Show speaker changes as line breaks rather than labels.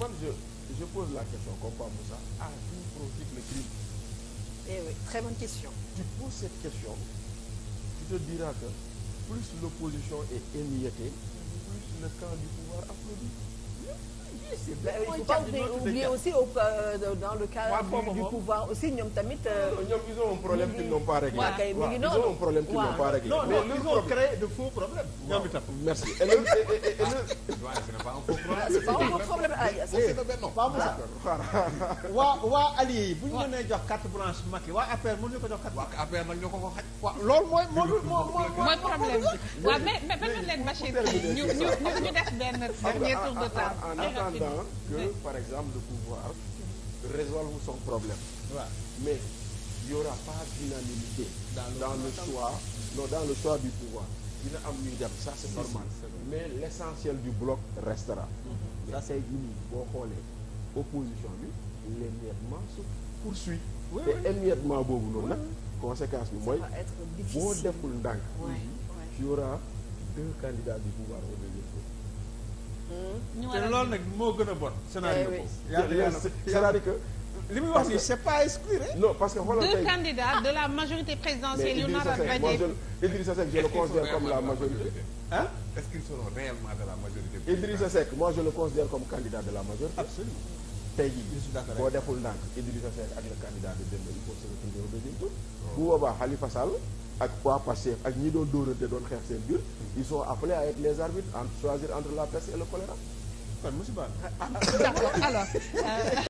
man je pose la question comme quoi Moussa à qui profite le crime. eh oui très bonne question. tu poses cette question tu te diras que plus l'opposition est émiettée plus le camp du pouvoir applaudit. mooy car bi oublié aussi au euh, dans le cadre foofu du pouvoir aussi ñoom tamit. Euh, ñoom ils ont un problème qu'ils n'ont pas réglé. waaw kay mi ngi noonu ils ont un problème qu'ils n'ont pas réglé. non non ils ont créé de faux problèmes. ñoom itam merci. et le et le. waaw ce n'est pas un faux problème. c'est pas un faux problème Aliou. Ah, eh, c'est le benn waa waa alliés yi bu ñu mënee jox carte blanche Macky waa APR mënuñu ko jox carte. waa APR nag ñoo ko ko xaj. waaw loolu mooy moo dul moo mooy problème bi. waaw mais mais bañu leen Bachir ñu ñu ñu def benn dernier tour de table. en attendant que par exemple le pouvoir résolve son problème mais il n'y aura pas d'unanimité dans le choix non dans le choix du pouvoir dina am ñuy dem ça c'est normal mais l'essentiel du bloc restera ça mhm. c'est gini boo xoolee opposition bi l'émiettement se poursuit te émiettement boobu noonu nag conséquence bi mooy boo deful ndànk il y aura deux candidats du pouvoir au deuxième te loolu nag moo gën a bon scénario eh boobu. c'est-à-dire que li muy wax nii c'est pas exclure. non parce que xoolal tey deux candidats de la majorité présidentielle yu nar a daje. Idrissa Seck je le considère comme la majorité. ah de la majorité. Idrissa Seck moi je le considère comme de la majorité. absolument tey jii boo deful ndànk Idrissa Seck ak le candidat de Dembélé il faut se retrouver au deuxième tour. Oh. bu boobaa Khalifa Sall. ak waa Pastef ak ñi doon dóorante doon xeex seen biir ils sont appelés à être les arbitres entre choisir entre la peste et le choléra kon musiba alors euh,